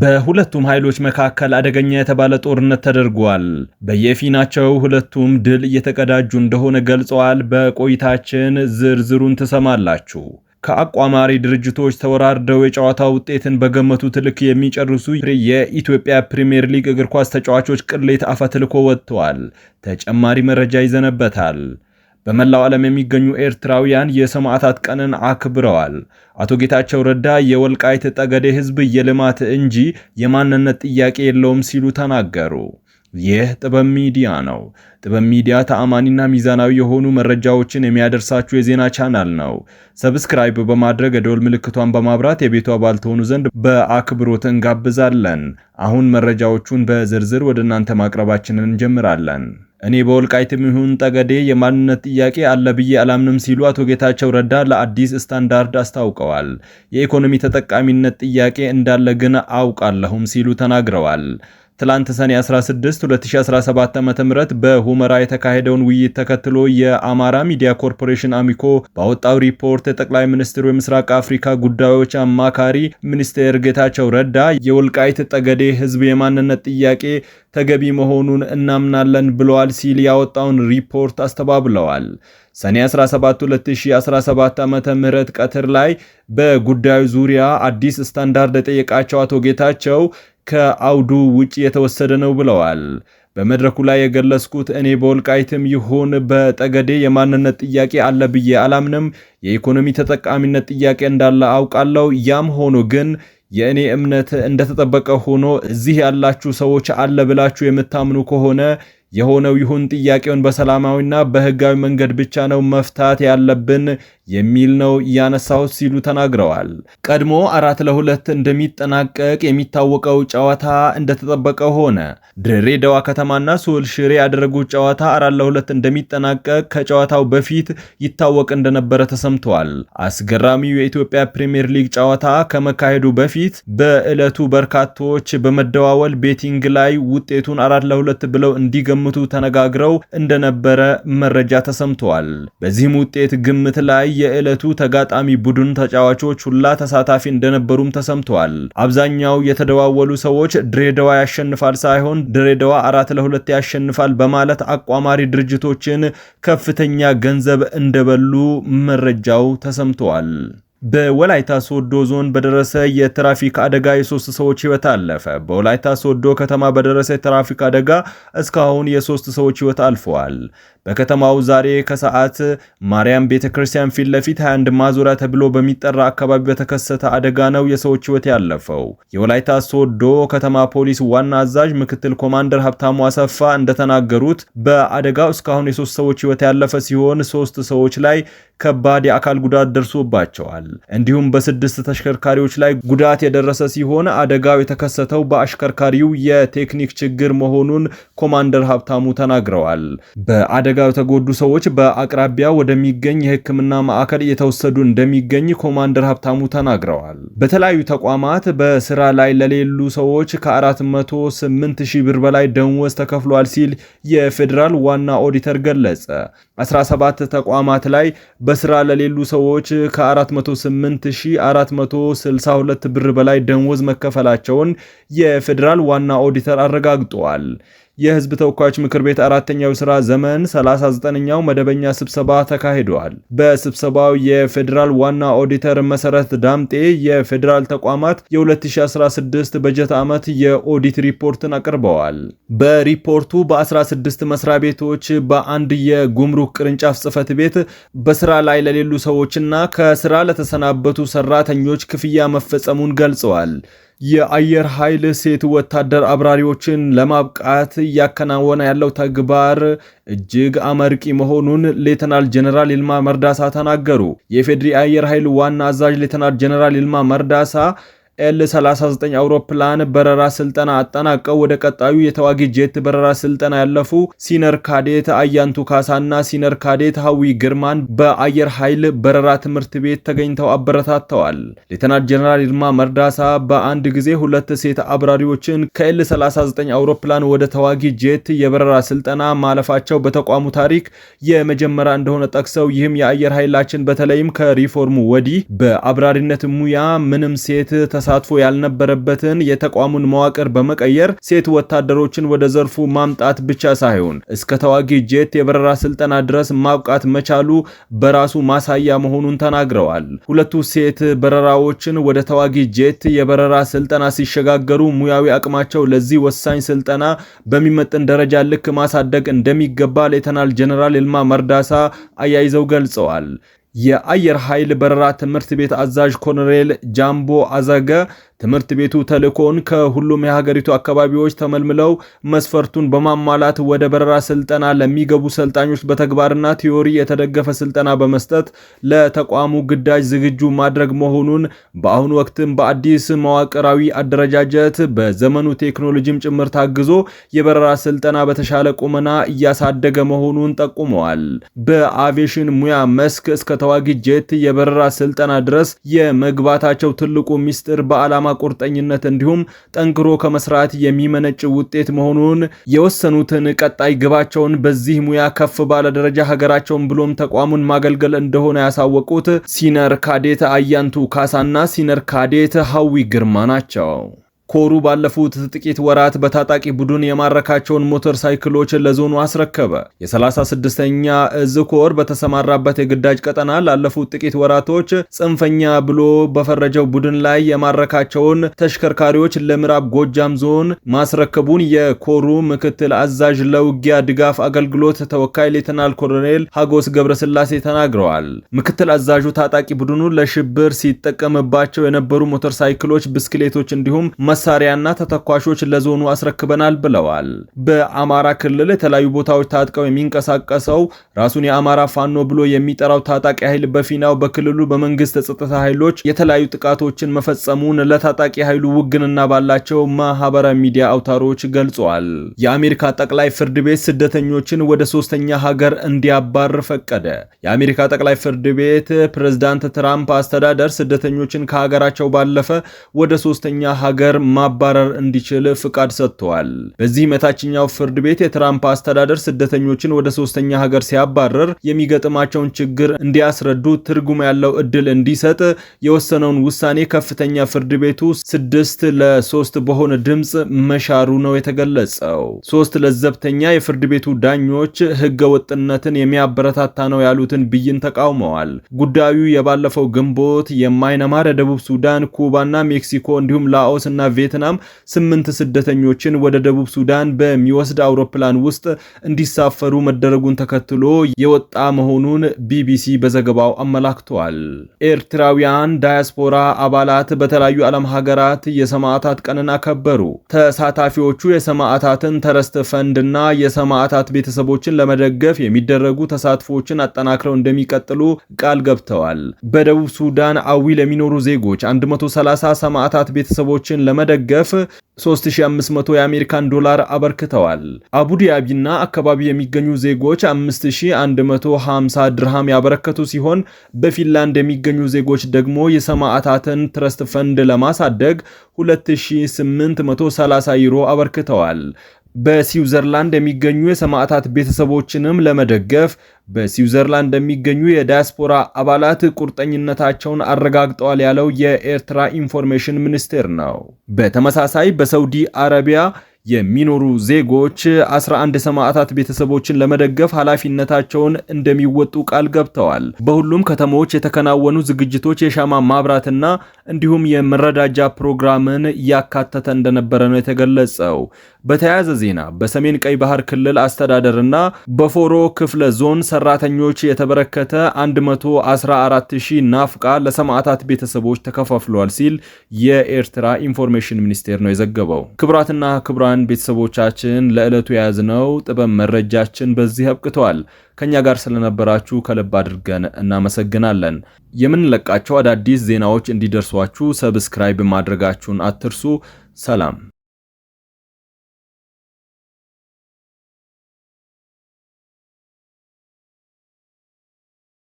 በሁለቱም ኃይሎች መካከል አደገኛ የተባለ ጦርነት ተደርጓል። በየፊናቸው ሁለቱም ድል እየተቀዳጁ እንደሆነ ገልጸዋል። በቆይታችን ዝርዝሩን ትሰማላችሁ። ከአቋማሪ ድርጅቶች ተወራርደው የጨዋታ ውጤትን በገመቱት ልክ የሚጨርሱ የኢትዮጵያ ፕሪምየር ሊግ እግር ኳስ ተጫዋቾች ቅሌት አፈትልኮ ወጥተዋል። ተጨማሪ መረጃ ይዘነበታል። በመላው ዓለም የሚገኙ ኤርትራውያን የሰማዕታት ቀንን አክብረዋል። አቶ ጌታቸው ረዳ የወልቃይት ጠገዴ ሕዝብ የልማት እንጂ የማንነት ጥያቄ የለውም ሲሉ ተናገሩ። ይህ ጥበብ ሚዲያ ነው። ጥበብ ሚዲያ ተአማኒና ሚዛናዊ የሆኑ መረጃዎችን የሚያደርሳችሁ የዜና ቻናል ነው። ሰብስክራይብ በማድረግ የደወል ምልክቷን በማብራት የቤቱ አባል ትሆኑ ዘንድ በአክብሮት እንጋብዛለን። አሁን መረጃዎቹን በዝርዝር ወደ እናንተ ማቅረባችንን እንጀምራለን። እኔ በወልቃይትም ይሁን ጠገዴ የማንነት ጥያቄ አለ ብዬ አላምንም ሲሉ አቶ ጌታቸው ረዳ ለአዲስ ስታንዳርድ አስታውቀዋል። የኢኮኖሚ ተጠቃሚነት ጥያቄ እንዳለ ግን አውቃለሁም ሲሉ ተናግረዋል። ትላንት ሰኔ 16 2017 ዓ.ም በሁመራ የተካሄደውን ውይይት ተከትሎ የአማራ ሚዲያ ኮርፖሬሽን አሚኮ ባወጣው ሪፖርት የጠቅላይ ሚኒስትሩ የምስራቅ አፍሪካ ጉዳዮች አማካሪ ሚኒስቴር ጌታቸው ረዳ የወልቃይት ጠገዴ ህዝብ የማንነት ጥያቄ ተገቢ መሆኑን እናምናለን ብለዋል ሲል ያወጣውን ሪፖርት አስተባብለዋል። ሰኔ 17 2017 ዓ ም ቀትር ላይ በጉዳዩ ዙሪያ አዲስ ስታንዳርድ የጠየቃቸው አቶ ጌታቸው ከአውዱ ውጭ የተወሰደ ነው ብለዋል። በመድረኩ ላይ የገለጽኩት እኔ በወልቃይትም ይሁን በጠገዴ የማንነት ጥያቄ አለ ብዬ አላምንም። የኢኮኖሚ ተጠቃሚነት ጥያቄ እንዳለ አውቃለሁ። ያም ሆኖ ግን የእኔ እምነት እንደተጠበቀ ሆኖ እዚህ ያላችሁ ሰዎች አለ ብላችሁ የምታምኑ ከሆነ የሆነው ይሁን ጥያቄውን በሰላማዊና በህጋዊ መንገድ ብቻ ነው መፍታት ያለብን የሚል ነው እያነሳሁት ሲሉ ተናግረዋል። ቀድሞ አራት ለሁለት እንደሚጠናቀቅ የሚታወቀው ጨዋታ እንደተጠበቀ ሆነ። ድሬዳዋ ከተማና ሱል ሽሬ ያደረጉት ጨዋታ አራት ለሁለት እንደሚጠናቀቅ ከጨዋታው በፊት ይታወቅ እንደነበረ ተሰምተዋል። አስገራሚው የኢትዮጵያ ፕሪምየር ሊግ ጨዋታ ከመካሄዱ በፊት በዕለቱ በርካቶች በመደዋወል ቤቲንግ ላይ ውጤቱን አራት ለሁለት ብለው እንዲገ እንደሚገምቱ ተነጋግረው እንደነበረ መረጃ ተሰምተዋል። በዚህም ውጤት ግምት ላይ የዕለቱ ተጋጣሚ ቡድን ተጫዋቾች ሁላ ተሳታፊ እንደነበሩም ተሰምተዋል። አብዛኛው የተደዋወሉ ሰዎች ድሬዳዋ ያሸንፋል ሳይሆን ድሬዳዋ አራት ለሁለት ያሸንፋል በማለት አቋማሪ ድርጅቶችን ከፍተኛ ገንዘብ እንደበሉ መረጃው ተሰምተዋል። በወላይታ ሶዶ ዞን በደረሰ የትራፊክ አደጋ የሶስት ሰዎች ህይወት አለፈ። በወላይታ ሶዶ ከተማ በደረሰ የትራፊክ አደጋ እስካሁን የሶስት ሰዎች ህይወት አልፈዋል። በከተማው ዛሬ ከሰዓት ማርያም ቤተ ክርስቲያን ፊት ለፊት 21 ማዙሪያ ተብሎ በሚጠራ አካባቢ በተከሰተ አደጋ ነው የሰዎች ህይወት ያለፈው። የወላይታ ሶዶ ከተማ ፖሊስ ዋና አዛዥ ምክትል ኮማንደር ሀብታሙ አሰፋ እንደተናገሩት በአደጋው እስካሁን የሶስት ሰዎች ህይወት ያለፈ ሲሆን ሶስት ሰዎች ላይ ከባድ የአካል ጉዳት ደርሶባቸዋል። እንዲሁም በስድስት ተሽከርካሪዎች ላይ ጉዳት የደረሰ ሲሆን አደጋው የተከሰተው በአሽከርካሪው የቴክኒክ ችግር መሆኑን ኮማንደር ሀብታሙ ተናግረዋል። በአደጋው የተጎዱ ሰዎች በአቅራቢያ ወደሚገኝ የሕክምና ማዕከል እየተወሰዱ እንደሚገኝ ኮማንደር ሀብታሙ ተናግረዋል። በተለያዩ ተቋማት በስራ ላይ ለሌሉ ሰዎች ከ408 ሺህ ብር በላይ ደንወዝ ተከፍሏል ሲል የፌዴራል ዋና ኦዲተር ገለጸ። 17 ተቋማት ላይ በስራ ለሌሉ ሰዎች ከ4 ከ88462 ብር በላይ ደንወዝ መከፈላቸውን የፌዴራል ዋና ኦዲተር አረጋግጠዋል። የህዝብ ተወካዮች ምክር ቤት አራተኛው ስራ ዘመን 39ኛው መደበኛ ስብሰባ ተካሂደዋል። በስብሰባው የፌዴራል ዋና ኦዲተር መሰረት ዳምጤ የፌዴራል ተቋማት የ2016 በጀት ዓመት የኦዲት ሪፖርትን አቅርበዋል። በሪፖርቱ በ16 መስሪያ ቤቶች በአንድ የጉምሩክ ቅርንጫፍ ጽህፈት ቤት በስራ ላይ ለሌሉ ሰዎችና ከስራ ለተሰናበቱ ሰራተኞች ክፍያ መፈጸሙን ገልጸዋል። የአየር ኃይል ሴት ወታደር አብራሪዎችን ለማብቃት እያከናወነ ያለው ተግባር እጅግ አመርቂ መሆኑን ሌተናል ጀነራል ይልማ መርዳሳ ተናገሩ። የፌድሪ አየር ኃይል ዋና አዛዥ ሌተናል ጀነራል ይልማ መርዳሳ ኤል 39 አውሮፕላን በረራ ስልጠና አጠናቀው ወደ ቀጣዩ የተዋጊ ጄት በረራ ስልጠና ያለፉ ሲነር ካዴት አያንቱ ካሳና ሲነር ካዴት ሀዊ ግርማን በአየር ኃይል በረራ ትምህርት ቤት ተገኝተው አበረታተዋል። ሌተናንት ጀነራል ይልማ መርዳሳ በአንድ ጊዜ ሁለት ሴት አብራሪዎችን ከኤል 39 አውሮፕላን ወደ ተዋጊ ጄት የበረራ ስልጠና ማለፋቸው በተቋሙ ታሪክ የመጀመሪያ እንደሆነ ጠቅሰው ይህም የአየር ኃይላችን በተለይም ከሪፎርሙ ወዲህ በአብራሪነት ሙያ ምንም ሴት ተሳትፎ ያልነበረበትን የተቋሙን መዋቅር በመቀየር ሴት ወታደሮችን ወደ ዘርፉ ማምጣት ብቻ ሳይሆን እስከ ተዋጊ ጄት የበረራ ስልጠና ድረስ ማብቃት መቻሉ በራሱ ማሳያ መሆኑን ተናግረዋል። ሁለቱ ሴት በረራዎችን ወደ ተዋጊ ጄት የበረራ ስልጠና ሲሸጋገሩ ሙያዊ አቅማቸው ለዚህ ወሳኝ ስልጠና በሚመጥን ደረጃ ልክ ማሳደግ እንደሚገባ ሌተናል ጀነራል ይልማ መርዳሳ አያይዘው ገልጸዋል። የአየር ኃይል በረራ ትምህርት ቤት አዛዥ ኮሎኔል ጃምቦ አዘገ ትምህርት ቤቱ ተልእኮውን ከሁሉም የሀገሪቱ አካባቢዎች ተመልምለው መስፈርቱን በማሟላት ወደ በረራ ስልጠና ለሚገቡ ሰልጣኞች በተግባርና ቲዮሪ የተደገፈ ስልጠና በመስጠት ለተቋሙ ግዳጅ ዝግጁ ማድረግ መሆኑን በአሁኑ ወቅትም በአዲስ መዋቅራዊ አደረጃጀት በዘመኑ ቴክኖሎጂም ጭምር ታግዞ የበረራ ስልጠና በተሻለ ቁመና እያሳደገ መሆኑን ጠቁመዋል። በአቪዬሽን ሙያ መስክ እስከ ተዋጊ ጄት የበረራ ስልጠና ድረስ የመግባታቸው ትልቁ ሚስጥር በዓላማ ለዓላማ ቁርጠኝነት እንዲሁም ጠንክሮ ከመስራት የሚመነጭ ውጤት መሆኑን የወሰኑትን ቀጣይ ግባቸውን በዚህ ሙያ ከፍ ባለ ደረጃ ሀገራቸውን ብሎም ተቋሙን ማገልገል እንደሆነ ያሳወቁት ሲነር ካዴት አያንቱ ካሳና ሲነር ካዴት ሀዊ ግርማ ናቸው። ኮሩ ባለፉት ጥቂት ወራት በታጣቂ ቡድን የማረካቸውን ሞተር ሳይክሎች ለዞኑ አስረከበ። የ36ኛ እዝ ኮር በተሰማራበት የግዳጅ ቀጠና ላለፉት ጥቂት ወራቶች ጽንፈኛ ብሎ በፈረጀው ቡድን ላይ የማረካቸውን ተሽከርካሪዎች ለምዕራብ ጎጃም ዞን ማስረከቡን የኮሩ ምክትል አዛዥ ለውጊያ ድጋፍ አገልግሎት ተወካይ ሌተናል ኮሎኔል ሀጎስ ገብረስላሴ ተናግረዋል። ምክትል አዛዡ ታጣቂ ቡድኑ ለሽብር ሲጠቀምባቸው የነበሩ ሞተር ሳይክሎች፣ ብስክሌቶች እንዲሁም መሳሪያና ተተኳሾች ለዞኑ አስረክበናል ብለዋል። በአማራ ክልል የተለያዩ ቦታዎች ታጥቀው የሚንቀሳቀሰው ራሱን የአማራ ፋኖ ብሎ የሚጠራው ታጣቂ ኃይል በፊናው በክልሉ በመንግስት ጸጥታ ኃይሎች የተለያዩ ጥቃቶችን መፈጸሙን ለታጣቂ ኃይሉ ውግንና ባላቸው ማህበራዊ ሚዲያ አውታሮች ገልጿል። የአሜሪካ ጠቅላይ ፍርድ ቤት ስደተኞችን ወደ ሶስተኛ ሀገር እንዲያባር ፈቀደ። የአሜሪካ ጠቅላይ ፍርድ ቤት ፕሬዝዳንት ትራምፕ አስተዳደር ስደተኞችን ከሀገራቸው ባለፈ ወደ ሶስተኛ ሀገር ማባረር እንዲችል ፍቃድ ሰጥተዋል። በዚህም የታችኛው ፍርድ ቤት የትራምፕ አስተዳደር ስደተኞችን ወደ ሶስተኛ ሀገር ሲያባረር የሚገጥማቸውን ችግር እንዲያስረዱ ትርጉም ያለው እድል እንዲሰጥ የወሰነውን ውሳኔ ከፍተኛ ፍርድ ቤቱ ስድስት ለሶስት በሆነ ድምፅ መሻሩ ነው የተገለጸው። ሶስት ለዘብተኛ የፍርድ ቤቱ ዳኞች ህገ ወጥነትን የሚያበረታታ ነው ያሉትን ብይን ተቃውመዋል። ጉዳዩ የባለፈው ግንቦት የማይነማር የደቡብ ሱዳን፣ ኩባና ሜክሲኮ እንዲሁም ላኦስ እና ቪየትናም ስምንት ስደተኞችን ወደ ደቡብ ሱዳን በሚወስድ አውሮፕላን ውስጥ እንዲሳፈሩ መደረጉን ተከትሎ የወጣ መሆኑን ቢቢሲ በዘገባው አመላክተዋል። ኤርትራውያን ዳያስፖራ አባላት በተለያዩ ዓለም ሀገራት የሰማዕታት ቀንን አከበሩ። ተሳታፊዎቹ የሰማዕታትን ተረስት ና የሰማዕታት ቤተሰቦችን ለመደገፍ የሚደረጉ ተሳትፎችን አጠናክረው እንደሚቀጥሉ ቃል ገብተዋል። በደቡብ ሱዳን አዊ ለሚኖሩ ዜጎች 130 ሰማዕታት ቤተሰቦችን ለመ በመደገፍ 3500 የአሜሪካን ዶላር አበርክተዋል። አቡዲያቢና አካባቢ የሚገኙ ዜጎች 5150 ድርሃም ያበረከቱ ሲሆን በፊንላንድ የሚገኙ ዜጎች ደግሞ የሰማዕታትን ትረስት ፈንድ ለማሳደግ 2830 ዩሮ አበርክተዋል። በስዊዘርላንድ የሚገኙ የሰማዕታት ቤተሰቦችንም ለመደገፍ በስዊዘርላንድ የሚገኙ የዲያስፖራ አባላት ቁርጠኝነታቸውን አረጋግጠዋል ያለው የኤርትራ ኢንፎርሜሽን ሚኒስቴር ነው። በተመሳሳይ በሳውዲ አረቢያ የሚኖሩ ዜጎች 11 ሰማዕታት ቤተሰቦችን ለመደገፍ ኃላፊነታቸውን እንደሚወጡ ቃል ገብተዋል። በሁሉም ከተሞች የተከናወኑ ዝግጅቶች የሻማ ማብራትና እንዲሁም የመረዳጃ ፕሮግራምን እያካተተ እንደነበረ ነው የተገለጸው። በተያያዘ ዜና በሰሜን ቀይ ባህር ክልል አስተዳደርና በፎሮ ክፍለ ዞን ሰራተኞች የተበረከተ 114000 ናፍቃ ለሰማዕታት ቤተሰቦች ተከፋፍሏል ሲል የኤርትራ ኢንፎርሜሽን ሚኒስቴር ነው የዘገበው። ክብራትና ክብራ ክቡራን ቤተሰቦቻችን ለዕለቱ የያዝነው ጥበብ መረጃችን በዚህ አብቅተዋል። ከእኛ ጋር ስለነበራችሁ ከልብ አድርገን እናመሰግናለን። የምንለቃቸው አዳዲስ ዜናዎች እንዲደርሷችሁ ሰብስክራይብ ማድረጋችሁን አትርሱ። ሰላም